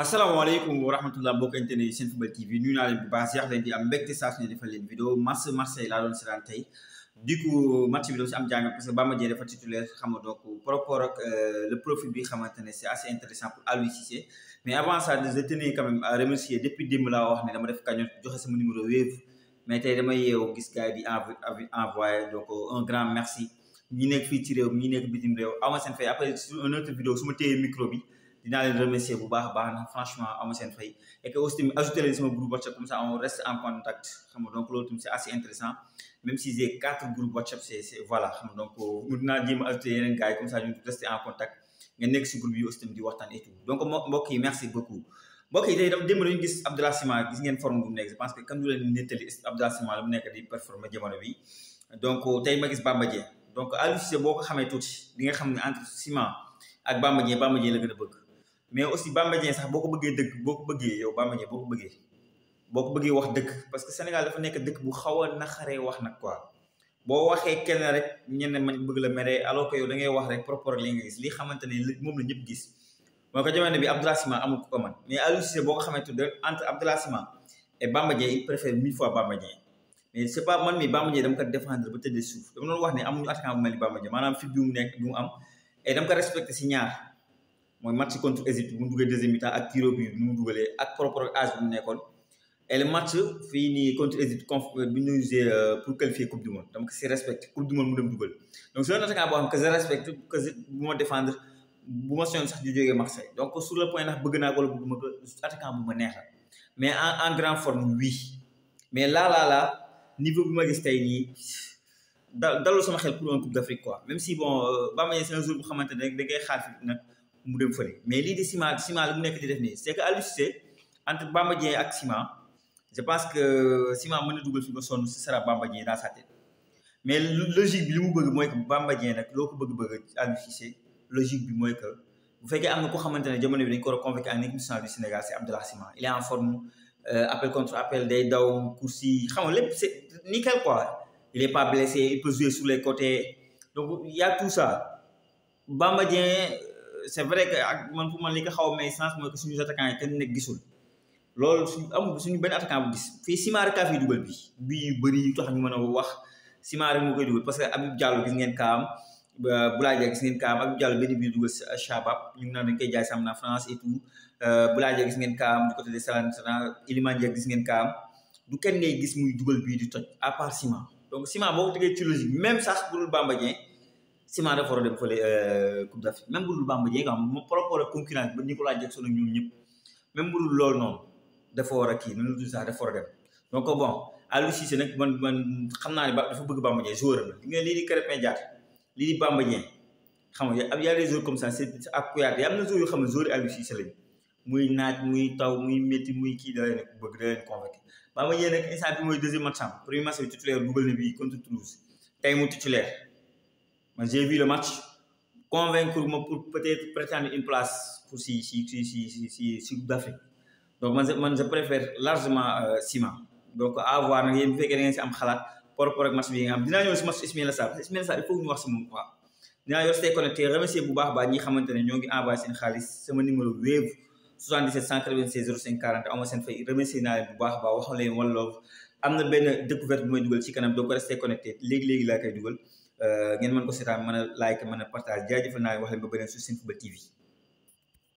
asalaamaaleykum wa rahmatullah mbokk internet yi seen football TV nuyu naa leen bu baax yàq leen di am mbégte saa su ne vidéo match Marseille laa doon seetaan du coup match bi doon si am jàngat parce que Bamba Dieng dafa titulaire xam nga donc ak le profil bi xamante c'est assez intéressant pour Aliou mais avant ça je tenais quand même à remercier depuis démb laa wax ne dama def kañu joxe sama numéro Wave mais tey dama yeewu gis gars yi di env donc un grand merci ñi nekk fii ci réew mi ñi nekk bitim réew aw ma fay après une autre vidéo su ma téye micro bi dinaa leen remercier bu baax a baax franchement amu seen fay et que aussi tamit ajouté leen sama groupe WhatsApp comme ça on reste en contact xam nga donc loolu tamit c'est assez intéressant même si j'ai quatre groupes WhatsApp c'est voilà xam nga donc nous dinaa jéem ajouté yeneen gars yi comme ça ñu rester en contact nga nekk si groupe yi aussi tamit di waxtaan et tout donc mbokk yi merci beaucoup mbokk yi tey daf démb dañu gis Abdallah Sima gis ngeen forme bu mu nekk je pense que comme ñu leen nettali Abdallah Sima lu mu nekk di performer jamono bi donc tey ma gis Bamba Dieng donc à Cissé boo ko xamee tuuti di nga xam ne entre Sima ak Bamba Dieng Bamba Dieng la gën a bëgg mais aussi oh, Bamba Dieng sax boo ko bëggee dëgg boo ko bëggee yow Bamba Dieng boo ko bëggee boo ko bëggee wax dëgg parce que Sénégal dafa nekk dëkk bu xaw a naxaree wax nag quoi boo waxee kenn rek ñenn man bëgg la mere alors que yow da ngay wax rek propre li nga gis li xamante ne moom la ñëpp gis moo ko jamono bi Abdoulaye Sima amul ko man mais Aliou Cissé boo ko xamante entre Abdoulaye Sima et eh, Bamba Dieng il préfère mille fois Bamba Dieng mais c'est pas man mi Bamba Dieng dama ko défendre ba tëddee suuf dama doon wax ne amuñu attaquant bu mel ni Bamba Dieng maanaam fit bi mu nekk bi am et eh, dama ko respecté si ñaar mooy match contre Égypte bu mu duggee deuxième mi-temps ak tiro bi nu mu dugalee ak propre âge bu mu nekkoon et le match fii nii contre Égypte conf bi ñu usé euh, pour qualifier coupe du monde donc si respect coupe du monde mu dem dugal donc c'est un attaquant boo xam que je respecte que bu ma défendre bu ma soñoon sax di jógee Marseille donc sur le point ndax bëgg naa ko wala bëgguma ko attaquant bu ma neex mais en en grande forme oui mais là là là niveau bi ma gis tey nii. da dalul sama xel pour un coupe d'Afrique quoi même si bon euh, Bamba Dieng c'est un jour bu xamante ne rek da ngay xaar fi nag mu dem fële mais lii di ciment ciment li mu nekk di def nii c'est que Aliou Cissé entre Bamba Dieng ak ciment je pense que ciment mën na dugal fi ba sonn ce sera Bamba Dieng dans sa tête mais logique bi li mu bëgg mooy que Bamba Dieng nag loo ko bëgg-bëgg Aliou Cissé logique bi mooy que bu fekkee am na ko xamante ne jamono bi dañ ko war a convoqué en équipe nationale du Sénégal c'est Abdallah Ciment il est en forme euh, appel contre appel day daw course yi xam nga lépp c'est nickel quoi il est pas blessé il peut jouer sur les côtés donc il y a tout ça Bamba Dieng c' est vrai que ak man fu man li ko xaw a may sens mooy que suñu attaquant yi kenn nekk gisul loolu suñu am suñu benn attaquant bu gis fii Simaari kaa fiy dugal bi bi yu bëri yu tax ñu mën a wax Simaari moo koy parce que Habib Diallo gis ngeen kaam Boulaye Dia gis ngeen kaam Habib Diallo benn bi dugal Shabab ñu ngi naan dañ koy jaay na France et euh, gis ngeen kaam du côté de gis ngeen kaam du kenn ngay gis muy dugal bii di toj à part Sima donc Sima boo ko tegee ci logique même sax bu dul Bamba Dieng Sima dafa war a dem fële euh, Coupe d'Afrique même bu dul Bamba Dieng am moom par concurrence ba Nicolas Jackson ak ñoom ñëpp même bu dul loolu noonu dafa war a kii nu mu tudd sax dafa dem donc bon Aliou Cissé nag man man xam naa ne dafa bëgg Bamba Dieng joueur la li nga lii di Krépin Diatta lii di Bamba Dieng xam comme ça c'est ak Kouyaté am na joueurs yoo xam ne joueurs Aliou Cissé lañu muy naaj muy taw muy métti muy kii da leen bëgg da leen convaincre Bamba Dieng nag instant bi mooy deuxième match am premier match bi titulaire dugal na bii tey mu titulaire J'ai vu le match, convaincre pour peut-être prétendre une place pour si, si, si, si, si d'Afrique. Donc, moi, je, préfère largement euh, Sima. Donc, à voir, il y a une vérité am khalat pour pour au match. Il Dina a un match Ismaël Sarr. Ismaël Sarr, il faut que nous voyons quoi. Nous avons été connectés. Remercier Bouba Ba, nous avons envoyé un khalis. C'est mon numéro wave 77 196 0540. Remercier Bouba Ba, Wahole, One Love. am na benn découverte bu may dugal ci kanam donc restez connecté léegi-léegi laa koy dugal euh, ngeen mën ko seetaan mën a like mën a partage jaajëfal naa wax leen ba beneen sur Senfootball TV